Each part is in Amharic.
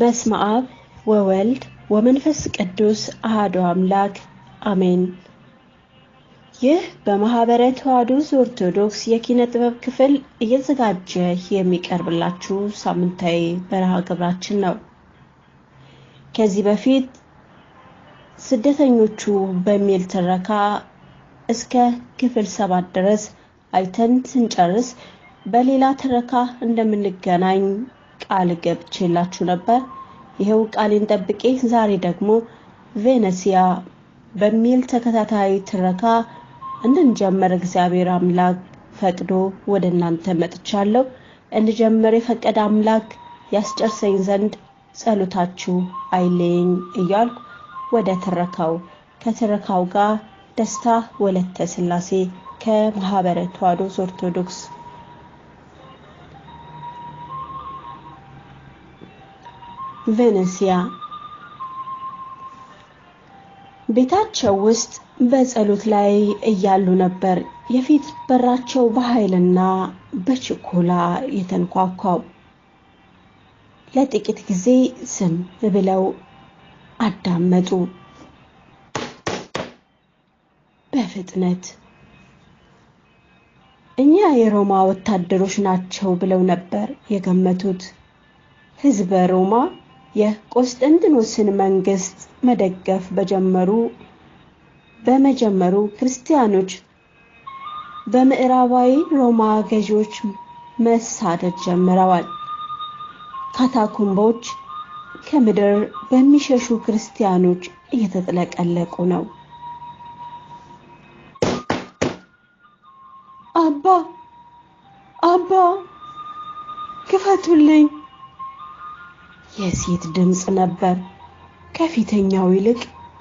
በስመ አብ ወወልድ ወመንፈስ ቅዱስ አህዶ አምላክ አሜን። ይህ በማህበረ ተዋሕዶ ኦርቶዶክስ የኪነ ጥበብ ክፍል እየተዘጋጀ የሚቀርብላችሁ ሳምንታዊ በረሃ ግብራችን ነው። ከዚህ በፊት ስደተኞቹ በሚል ትረካ እስከ ክፍል ሰባት ድረስ አይተን ስንጨርስ በሌላ ትረካ እንደምንገናኝ ቃል ገብቼላችሁ ነበር። ይሄው ቃሌን ጠብቄ ዛሬ ደግሞ ቬነሲያ በሚል ተከታታይ ትረካ እንድንጀምር እግዚአብሔር አምላክ ፈቅዶ ወደ እናንተ መጥቻለሁ። እንጀምር የፈቀደ አምላክ ያስጨርሰኝ ዘንድ ጸሎታችሁ አይለየኝ እያልኩ ወደ ትረካው ከትረካው ጋር ደስታ ወለተ ስላሴ ከማህበረ ተዋሕዶ ኦርቶዶክስ ቬነሲያ ቤታቸው ውስጥ በጸሎት ላይ እያሉ ነበር የፊት በራቸው በኃይልና በችኮላ የተንኳኳው። ለጥቂት ጊዜ ዝም ብለው አዳመጡ። በፍጥነት እኛ የሮማ ወታደሮች ናቸው ብለው ነበር የገመቱት። ህዝበ ሮማ የቆስጠንጢኖስን መንግስት መደገፍ በጀመሩ በመጀመሩ ክርስቲያኖች በምዕራባዊ ሮማ ገዢዎች መሳደድ ጀምረዋል። ካታኩምቦች ከምድር በሚሸሹ ክርስቲያኖች እየተጥለቀለቁ ነው። አባ አባ ክፈቱልኝ! የሴት ድምፅ ነበር። ከፊተኛው ይልቅ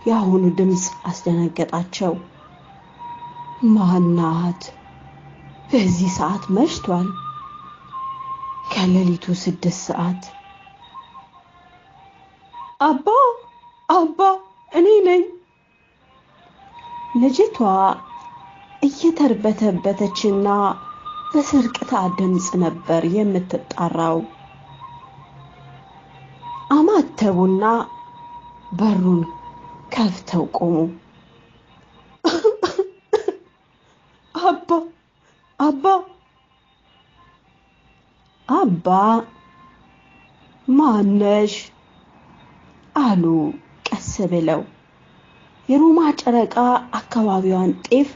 የአሁኑ ድምፅ አስደነገጣቸው። ማናት? በዚህ ሰዓት መሽቷል። ከሌሊቱ ስድስት ሰዓት። አባ አባ፣ እኔ ነኝ። ልጅቷ እየተርበተበተችና በስርቅታ ድምፅ ነበር የምትጣራው። አማተቡና በሩን ከፍተው ቆሙ። አባ አባ አባ ማነሽ አሉ ቀስ ብለው። የሮማ ጨረቃ አካባቢዋን ጤፍ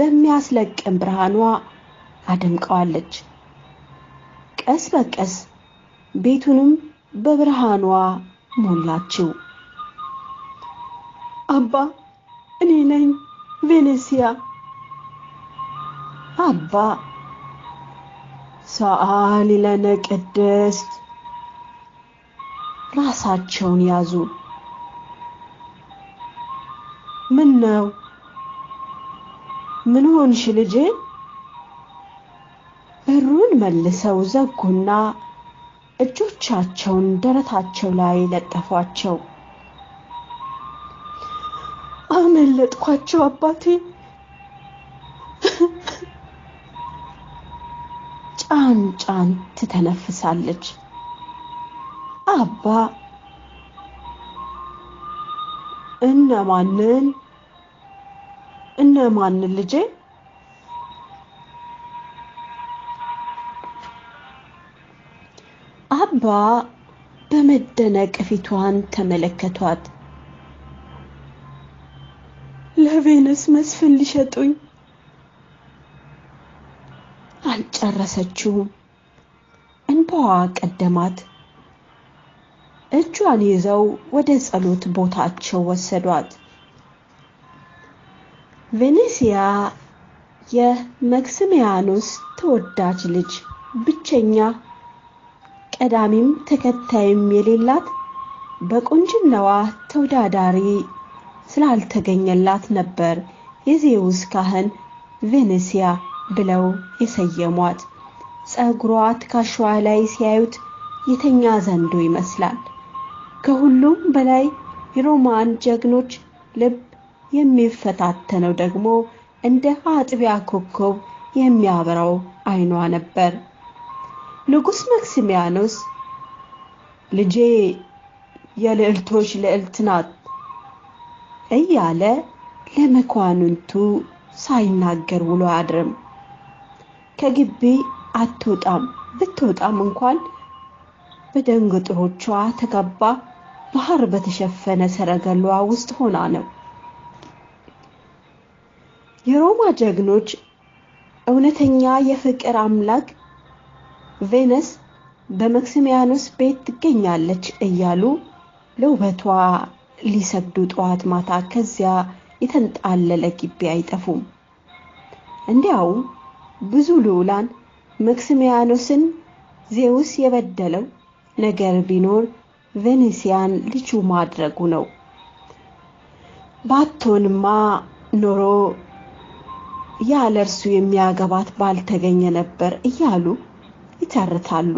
በሚያስለቅም ብርሃኗ አደምቀዋለች። ቀስ በቀስ ቤቱንም በብርሃኗ ሞላችው። አባ እኔ ነኝ ቬኔሲያ። አባ ሰአሊ ለነ ቅድስት ራሳቸውን ያዙ። ምን ነው? ምን ሆንሽ ልጄ? በሩን መልሰው ዘጉና እጆቻቸውን ደረታቸው ላይ ለጠፏቸው። አመለጥኳቸው አባቴ። ጫን ጫን ትተነፍሳለች። አባ እነማንን እነማንን ልጄ አምባ በመደነቅ ፊቷን ተመለከቷት። ለቬነስ መስፍን ሊሸጡኝ አልጨረሰችውም። እንባዋ ቀደማት። እጇን ይዘው ወደ ጸሎት ቦታቸው ወሰዷት። ቬኔሲያ የመክስሚያኖስ ተወዳጅ ልጅ ብቸኛ ቀዳሚም ተከታይም የሌላት በቁንጅናዋ ተወዳዳሪ ስላልተገኘላት ነበር የዜውስ ካህን ቬኔሲያ ብለው የሰየሟት። ጸጉሯ ትከሻዋ ላይ ሲያዩት የተኛ ዘንዶ ይመስላል። ከሁሉም በላይ የሮማን ጀግኖች ልብ የሚፈታተነው ደግሞ እንደ አጥቢያ ኮከብ የሚያበራው አይኗ ነበር። ንጉስ መክሲሚያኖስ ልጄ የልዕልቶች ልዕልት ናት እያለ ለመኳንንቱ ሳይናገር ውሎ አድርም ከግቢ አትወጣም ብትወጣም እንኳን በደንገጥሮቿ ተጋባ ባህር በተሸፈነ ሰረገሏ ውስጥ ሆና ነው የሮማ ጀግኖች እውነተኛ የፍቅር አምላክ ቬነስ በመክሲሚያኖስ ቤት ትገኛለች እያሉ ለውበቷ ሊሰግዱ ጠዋት ማታ ከዚያ የተንጣለለ ግቢ አይጠፉም። እንዲያውም ብዙ ልዑላን መክሲሚያኖስን ዜውስ የበደለው ነገር ቢኖር ቬኔሲያን ልጁ ማድረጉ ነው። ባቶንማ ኖሮ ያለ እርሱ የሚያገባት ባልተገኘ ነበር እያሉ ይተርታሉ።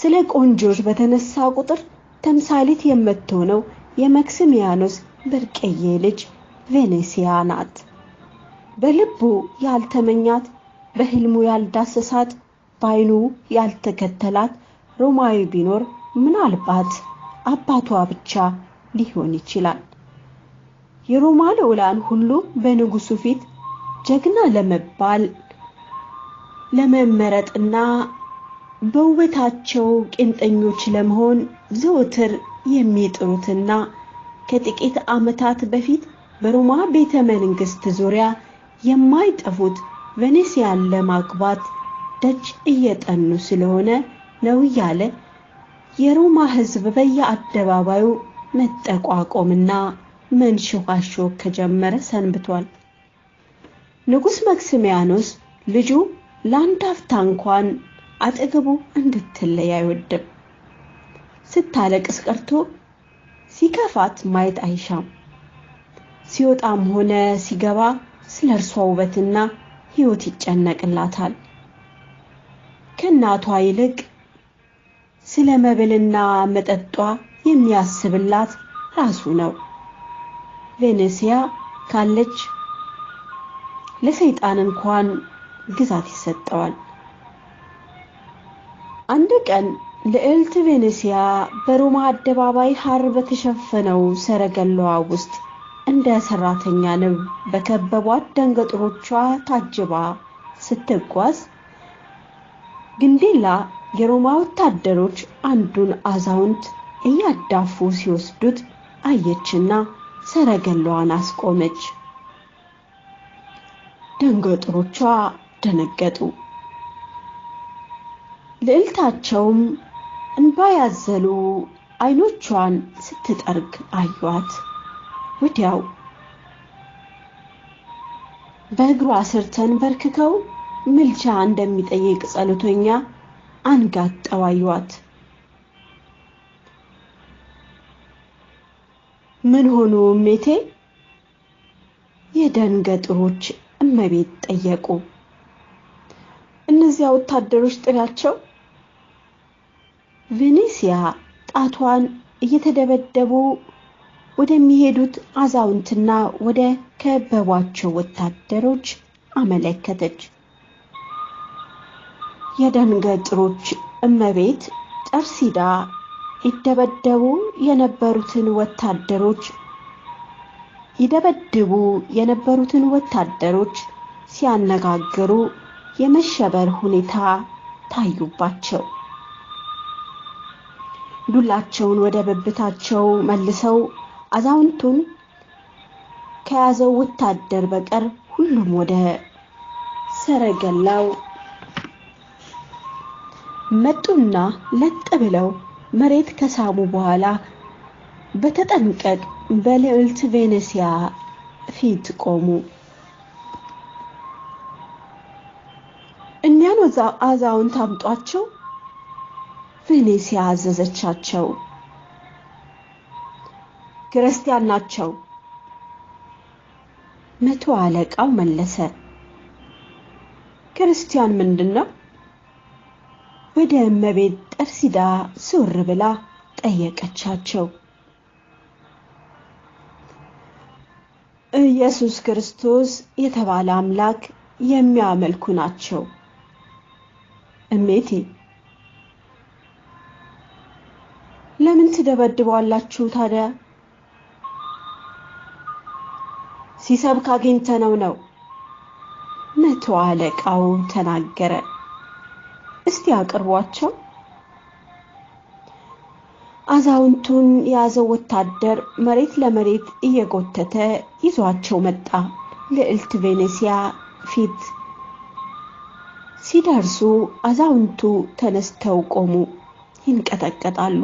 ስለ ቆንጆች በተነሳ ቁጥር ተምሳሌት የምትሆነው የመክሲሚያኖስ ብርቅዬ ልጅ ቬኔሲያ ናት። በልቡ ያልተመኛት፣ በህልሙ ያልዳሰሳት፣ ባይኑ ያልተከተላት ሮማዊ ቢኖር ምናልባት አባቷ ብቻ ሊሆን ይችላል። የሮማ ልዑላን ሁሉ በንጉሱ ፊት ጀግና ለመባል ለመመረጥና በውበታቸው ቄንጠኞች ለመሆን ዘውትር የሚጥሩትና ከጥቂት ዓመታት በፊት በሮማ ቤተ መንግሥት ዙሪያ የማይጠፉት ቬኔሲያን ለማግባት ደጅ እየጠኑ ስለሆነ ነው እያለ የሮማ ሕዝብ በየአደባባዩ መጠቋቆምና መንሾካሾክ ከጀመረ ሰንብቷል። ንጉሥ መክስሚያኖስ ልጁ ለአንድ አፍታ እንኳን አጠገቡ እንድትለይ አይወድም። ስታለቅስ ቀርቶ ሲከፋት ማየት አይሻም። ሲወጣም ሆነ ሲገባ ስለ እርሷ ውበትና ህይወት ይጨነቅላታል። ከእናቷ ይልቅ ስለ መብልና መጠጧ የሚያስብላት ራሱ ነው። ቬኔሲያ ካለች ለሰይጣን እንኳን ግዛት ይሰጠዋል። አንድ ቀን ልዕልት ቬኔሲያ በሮማ አደባባይ ሐር በተሸፈነው ሰረገላዋ ውስጥ እንደ ሰራተኛ ንብ በከበቧት ደንገጥሮቿ ታጅባ ስትጓዝ ግንዴላ የሮማ ወታደሮች አንዱን አዛውንት እያዳፉ ሲወስዱት አየችና ሰረገላዋን አስቆመች። ደንገጥሮቿ ደነገጡ። ልዕልታቸውም እንባ ያዘሉ አይኖቿን ስትጠርግ አዩአት። ወዲያው በእግሯ ስር ተንበርክከው ምልጃ እንደሚጠይቅ ጸሎተኛ አንጋጠው አዩአት። ምን ሆኑ እሜቴ? የደንገጥሮች እመቤት ጠየቁ። እነዚያ ወታደሮች ጥላቸው ቬኔሲያ ጣቷን እየተደበደቡ ወደሚሄዱት አዛውንትና ወደ ከበቧቸው ወታደሮች አመለከተች። የደንገጥሮች እመቤት ጠርሲዳ ይደበደቡ የነበሩትን ወታደሮች ይደበድቡ የነበሩትን ወታደሮች ሲያነጋግሩ የመሸበር ሁኔታ ታዩባቸው። ዱላቸውን ወደ ብብታቸው መልሰው አዛውንቱን ከያዘው ወታደር በቀር ሁሉም ወደ ሰረገላው መጡና ለጥ ብለው መሬት ከሳሙ በኋላ በተጠንቀቅ በልዕልት ቬኔሲያ ፊት ቆሙ። አዛውንት አምጧቸው ፊኒሲያ አዘዘቻቸው። ክርስቲያን ናቸው መቶ አለቃው መለሰ። ክርስቲያን ምንድን ነው? ወደ እመቤት ጠርሲዳ ስውር ብላ ጠየቀቻቸው። ኢየሱስ ክርስቶስ የተባለ አምላክ የሚያመልኩ ናቸው። እሜቲ ለምን ትደበድበዋላችሁ ታዲያ? ሲሰብክ አግኝተነው ነው መቶ አለቃው ተናገረ። እስቲ አቅርቧቸው። አዛውንቱን የያዘው ወታደር መሬት ለመሬት እየጎተተ ይዟቸው መጣ። ልዕልት ቬኔሲያ ፊት ሲደርሱ አዛውንቱ ተነስተው ቆሙ፣ ይንቀጠቀጣሉ።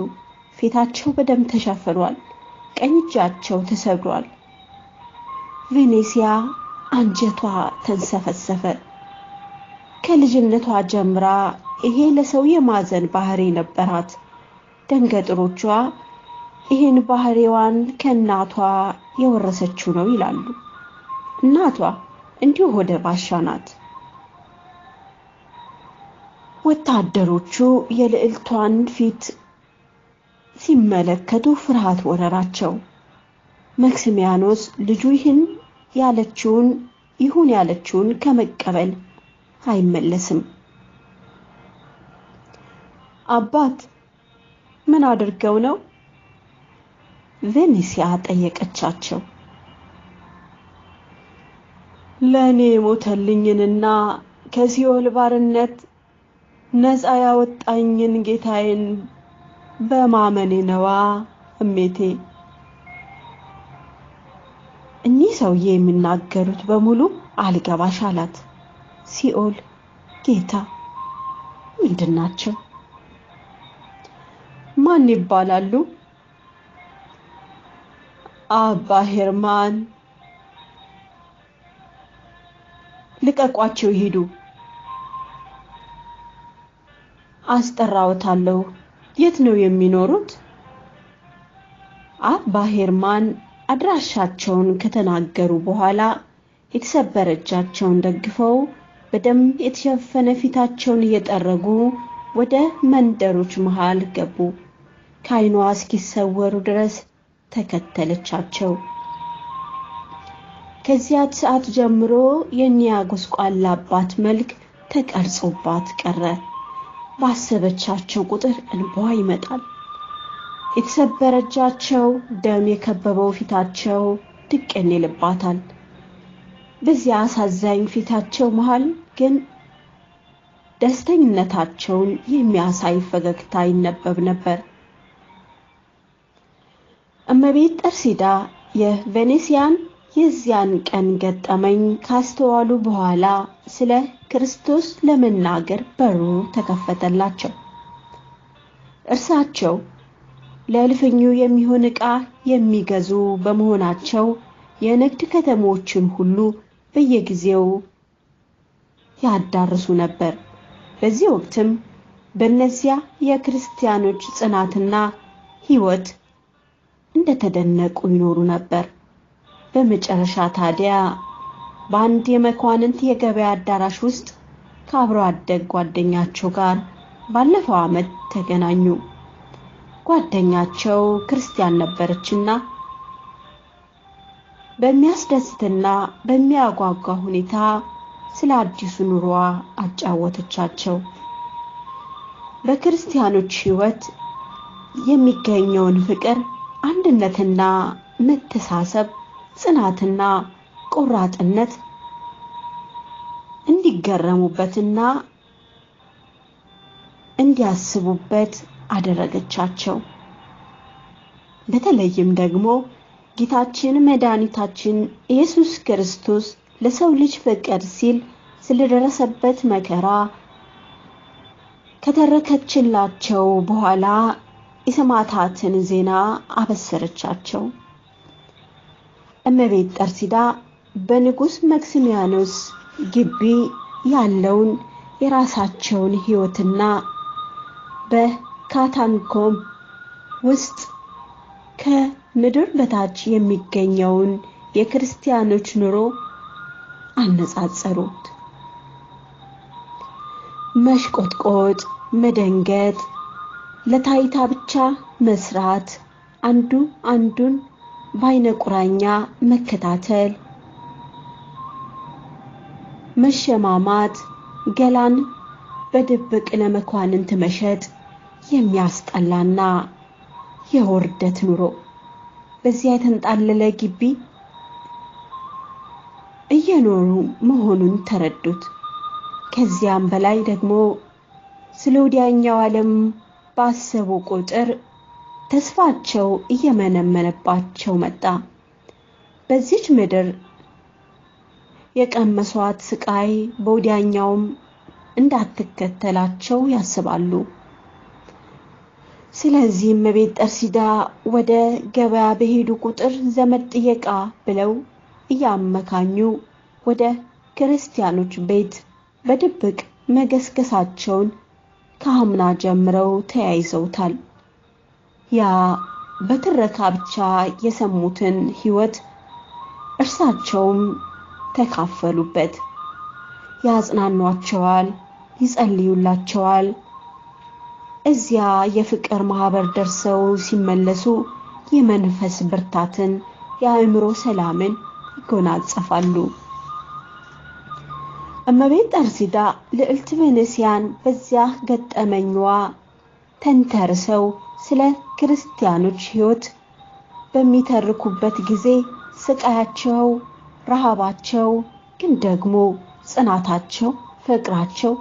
ፊታቸው በደም ተሸፍኗል፣ ቀኝ እጃቸው ተሰብሯል። ቬኔሲያ አንጀቷ ተንሰፈሰፈ። ከልጅነቷ ጀምራ ይሄ ለሰው የማዘን ባህሪ ነበራት። ደንገጥሮቿ ይህን ባህሪዋን ከእናቷ የወረሰችው ነው ይላሉ። እናቷ እንዲሁ ወደ ባሻ ናት። ወታደሮቹ የልዕልቷን ፊት ሲመለከቱ ፍርሃት ወረራቸው። መክሲሚያኖስ ልጁ ይህን ያለችውን ይሁን ያለችውን ከመቀበል አይመለስም። አባት ምን አድርገው ነው? ቬኒሲያ ጠየቀቻቸው። ለእኔ ሞተልኝንና ከሲኦል ባርነት ነፃ ያወጣኝን ጌታዬን በማመኔ ነዋ እሜቴ። እኚህ ሰውዬ የሚናገሩት በሙሉ አልገባሽ አላት። ሲኦል፣ ጌታ ምንድን ናቸው? ማን ይባላሉ? አባ ሄርማን ልቀቋቸው ይሄዱ። አስጠራውታለሁ። የት ነው የሚኖሩት? አባ ሄርማን አድራሻቸውን ከተናገሩ በኋላ የተሰበረ እጃቸውን ደግፈው በደም የተሸፈነ ፊታቸውን እየጠረጉ ወደ መንደሮች መሃል ገቡ። ከዓይኗ እስኪሰወሩ ድረስ ተከተለቻቸው። ከዚያች ሰዓት ጀምሮ የኒያ ጎስቋላ አባት መልክ ተቀርጾባት ቀረ። ባሰበቻቸው ቁጥር እንቧ ይመጣል። የተሰበረ እጃቸው፣ ደም የከበበው ፊታቸው ድቅን ይልባታል። በዚያ አሳዛኝ ፊታቸው መሃል ግን ደስተኝነታቸውን የሚያሳይ ፈገግታ ይነበብ ነበር። እመቤት ጠርሲዳ የቬኔሲያን የዚያን ቀን ገጠመኝ ካስተዋሉ በኋላ ስለ ክርስቶስ ለመናገር በሩ ተከፈተላቸው። እርሳቸው ለእልፍኙ የሚሆን ዕቃ የሚገዙ በመሆናቸው የንግድ ከተሞችን ሁሉ በየጊዜው ያዳርሱ ነበር። በዚህ ወቅትም በእነዚያ የክርስቲያኖች ጽናትና ሕይወት እንደተደነቁ ይኖሩ ነበር። በመጨረሻ ታዲያ በአንድ የመኳንንት የገበያ አዳራሽ ውስጥ ከአብሮ አደግ ጓደኛቸው ጋር ባለፈው ዓመት ተገናኙ። ጓደኛቸው ክርስቲያን ነበረችና በሚያስደስትና በሚያጓጓ ሁኔታ ስለ አዲሱ ኑሮዋ አጫወተቻቸው። በክርስቲያኖች ሕይወት የሚገኘውን ፍቅር፣ አንድነትና መተሳሰብ፣ ጽናትና ቆራጥነት እንዲገረሙበትና እንዲያስቡበት አደረገቻቸው። በተለይም ደግሞ ጌታችን መድኃኒታችን ኢየሱስ ክርስቶስ ለሰው ልጅ ፍቅር ሲል ስለደረሰበት መከራ ከተረከችላቸው በኋላ የሰማዕታትን ዜና አበሰረቻቸው። እመቤት ጠርሲዳ በንጉስ መክሲሚያኖስ ግቢ ያለውን የራሳቸውን ህይወትና በካታንኮም ውስጥ ከምድር በታች የሚገኘውን የክርስቲያኖች ኑሮ አነጻጸሩት። መሽቆጥቆጥ፣ መደንገጥ፣ ለታይታ ብቻ መስራት፣ አንዱ አንዱን በአይነ ቁራኛ መከታተል መሸማማት፣ ገላን በድብቅ ለመኳንንት መሸጥ የሚያስጠላና የውርደት ኑሮ በዚያ የተንጣለለ ግቢ እየኖሩ መሆኑን ተረዱት። ከዚያም በላይ ደግሞ ስለ ወዲያኛው ዓለም ባሰቡ ቁጥር ተስፋቸው እየመነመነባቸው መጣ። በዚች ምድር የቀመሷት ስቃይ በወዲያኛውም እንዳትከተላቸው ያስባሉ። ስለዚህም እመቤት ጠርሲዳ ወደ ገበያ በሄዱ ቁጥር ዘመድ ጥየቃ ብለው እያመካኙ ወደ ክርስቲያኖች ቤት በድብቅ መገስገሳቸውን ከአምና ጀምረው ተያይዘውታል። ያ በትረካ ብቻ የሰሙትን ሕይወት እርሳቸውም ተካፈሉበት። ያጽናኗቸዋል፣ ይጸልዩላቸዋል። እዚያ የፍቅር ማህበር ደርሰው ሲመለሱ የመንፈስ ብርታትን፣ የአእምሮ ሰላምን ይጎናጸፋሉ። እመቤት ጠርዚዳ ልዕልት ቬኔሲያን በዚያ ገጠመኛዋ ተንተርሰው ስለ ክርስቲያኖች ሕይወት በሚተርኩበት ጊዜ ስቃያቸው ረሃባቸው ግን ደግሞ ጽናታቸው፣ ፍቅራቸው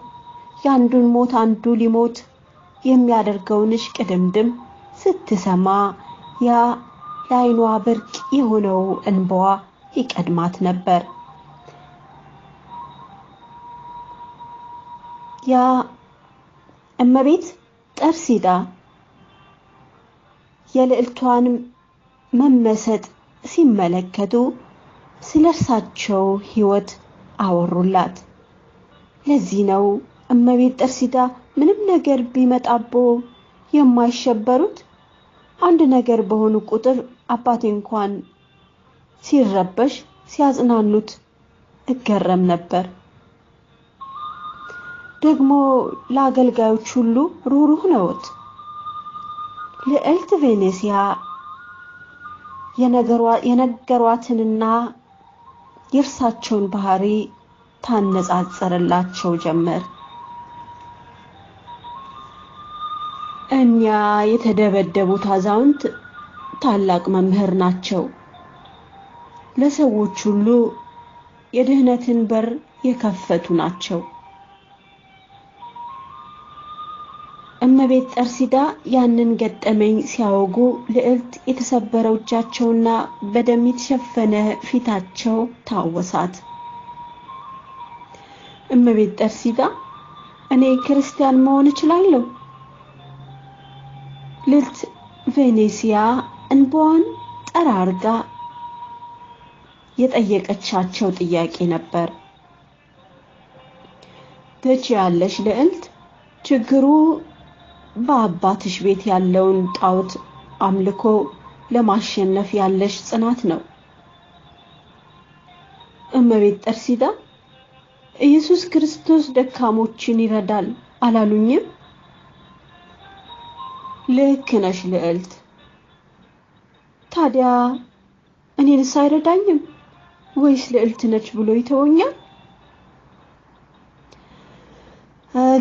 የአንዱን ሞት አንዱ ሊሞት የሚያደርገውን እሽቅድምድም ስትሰማ ያ ለዓይኗ ብርቅ የሆነው እንባዋ ይቀድማት ነበር። ያ እመቤት ጠርሲዳ የልዕልቷን መመሰጥ ሲመለከቱ ስለ እርሳቸው ህይወት አወሩላት። ለዚህ ነው እመቤት ጠርሲዳ ምንም ነገር ቢመጣቦ የማይሸበሩት። አንድ ነገር በሆኑ ቁጥር አባቴ እንኳን ሲረበሽ ሲያጽናኑት እገረም ነበር። ደግሞ ለአገልጋዮች ሁሉ ሩሩህ ነዎት። ልዕልት ቬኔሲያ የነገሯትንና የእርሳቸውን ባህሪ ታነጻጸረላቸው ጀመር። እኒያ የተደበደቡት አዛውንት ታላቅ መምህር ናቸው። ለሰዎች ሁሉ የድህነትን በር የከፈቱ ናቸው። እመቤት ጠርሲዳ ያንን ገጠመኝ ሲያወጉ ልዕልት የተሰበረው እጃቸውና በደም የተሸፈነ ፊታቸው ታወሳት። እመቤት ጠርሲዳ እኔ ክርስቲያን መሆን እችላለሁ? ልዕልት ቬኔሲያ እንባዋን ጠራርጋ የጠየቀቻቸው ጥያቄ ነበር። ያለሽ ልዕልት፣ ችግሩ በአባትሽ ቤት ያለውን ጣዖት አምልኮ ለማሸነፍ ያለሽ ጽናት ነው። እመቤት ጠርሲዳ ኢየሱስ ክርስቶስ ደካሞችን ይረዳል አላሉኝም? ልክ ነሽ ልዕልት። ታዲያ እኔንስ አይረዳኝም ወይስ ልዕልት ነች ብሎ ይተወኛል?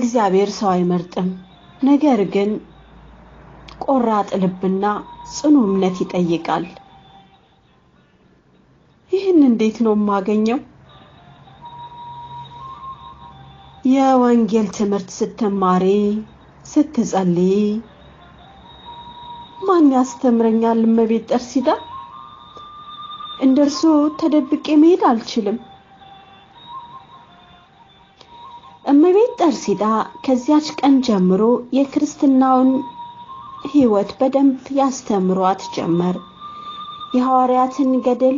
እግዚአብሔር ሰው አይመርጥም። ነገር ግን ቆራጥ ልብና ጽኑ እምነት ይጠይቃል። ይህን እንዴት ነው የማገኘው? የወንጌል ትምህርት ስትማሪ፣ ስትጸልይ ማን ያስተምረኛል? እመቤት ጠርሲዳ፣ እንደርሱ ተደብቄ መሄድ አልችልም። እመቤት ጠርሲዳ ከዚያች ቀን ጀምሮ የክርስትናውን ሕይወት በደንብ ያስተምሯት ጀመር። የሐዋርያትን ገድል፣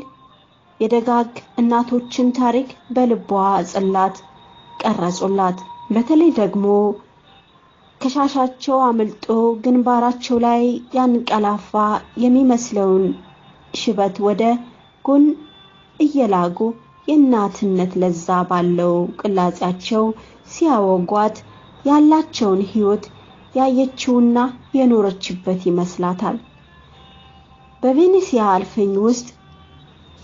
የደጋግ እናቶችን ታሪክ በልቧ ጽላት ቀረጹላት። በተለይ ደግሞ ከሻሻቸው አምልጦ ግንባራቸው ላይ ያንቀላፋ የሚመስለውን ሽበት ወደ ጎን እየላጉ የእናትነት ለዛ ባለው ቅላጼያቸው ሲያወጓት ያላቸውን ህይወት ያየችውና የኖረችበት ይመስላታል። በቬኔሲያ አልፈኝ ውስጥ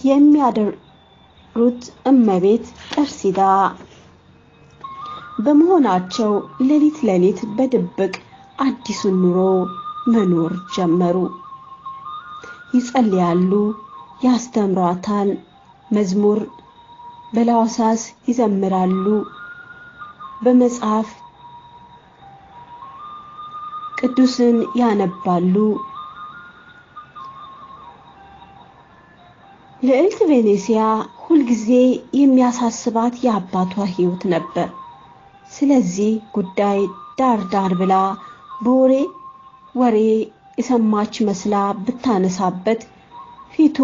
የሚያደሩት እመቤት ጠርሲዳ በመሆናቸው ሌሊት ሌሊት በድብቅ አዲሱን ኑሮ መኖር ጀመሩ። ይጸልያሉ፣ ያስተምሯታል፣ መዝሙር በላውሳስ ይዘምራሉ። በመጽሐፍ ቅዱስን ያነባሉ። ልዕልት ቬኔሲያ ሁልጊዜ የሚያሳስባት የአባቷ ሕይወት ነበር። ስለዚህ ጉዳይ ዳር ዳር ብላ በወሬ ወሬ የሰማች መስላ ብታነሳበት ፊቱ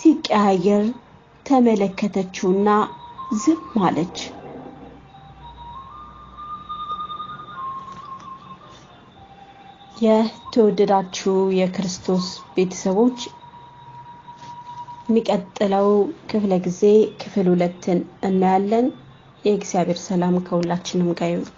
ሲቀያየር ተመለከተችውና ዝም አለች። የተወደዳችሁ የክርስቶስ ቤተሰቦች የሚቀጥለው ክፍለ ጊዜ ክፍል ሁለትን እናያለን። የእግዚአብሔር ሰላም ከሁላችንም ጋር ይሁን።